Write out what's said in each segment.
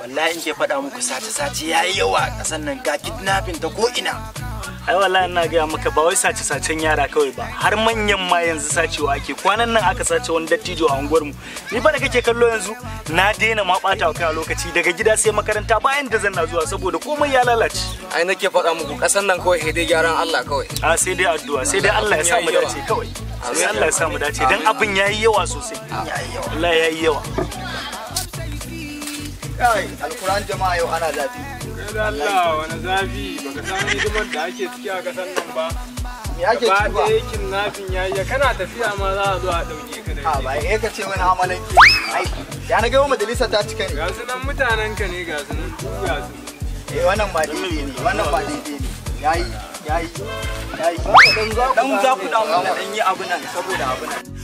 wallahi in ke faɗa muku sace sace yayi yawa a ƙasar nan ga kidnapping ta ko ina ai wallahi ina gaya maka ba wai sace sacen yara kawai ba har manyan ma yanzu sacewa ake kwanan nan aka sace wani dattijo a unguwar mu ni ba da kake kallo yanzu na daina ma bata kai lokaci daga gida sai makaranta bayan da zan na zuwa saboda komai ya lalace ai nake faɗa muku kasan nan kawai sai dai gyaran Allah kawai a ah, sai dai addu'a sai dai Allah ya sa mu dace kawai sai Allah ya sa mu dace dan abin yayi yawa sosai yayi yawa wallahi yayi yawa alkuran jama'a yau ana zafi kada Allah wani zafi baka san hidimar da ake ciki a kasar nan ba me ake ciki ba ba nafin yayi kana tafiya ma za a zo a dauke ka da a ba eh ka ce wani ai ya na ga majalisa ta cika ne ga su nan mutanen ka ne ga su nan ga su eh wannan ba daidai ne wannan ba daidai ne yayi yayi yayi dan za ku dan za ku dan yi abu nan saboda abu nan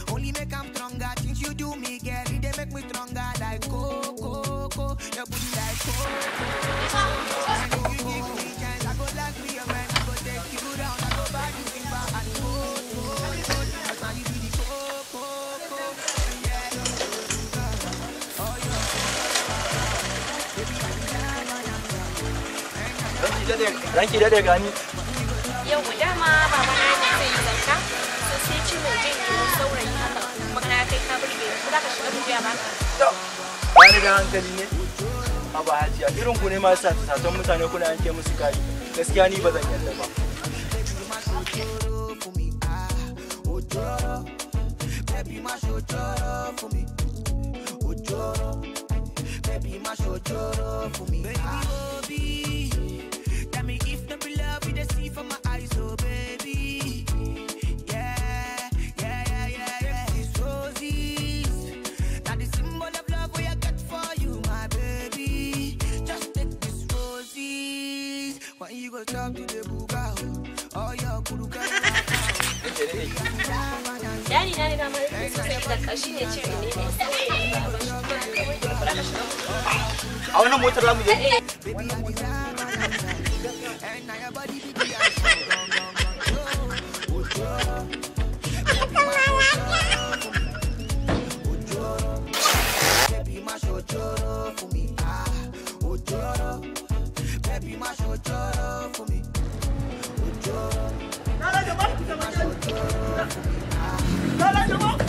girl, they make me stronger like coco, coco. Your booty like coco. And you give me I go me I go take you down, I go buy you in you coco, za ka shiga hankali ne a ba hajiya irin ku ma sa satan mutane kuna yanke musu kari gaskiya ni ba zan yarda ba go chop the buga All your kuruka. Daddy na ne dama yake sai da kashi ne ce ne A wannan motar lamu je. 来来，小猫。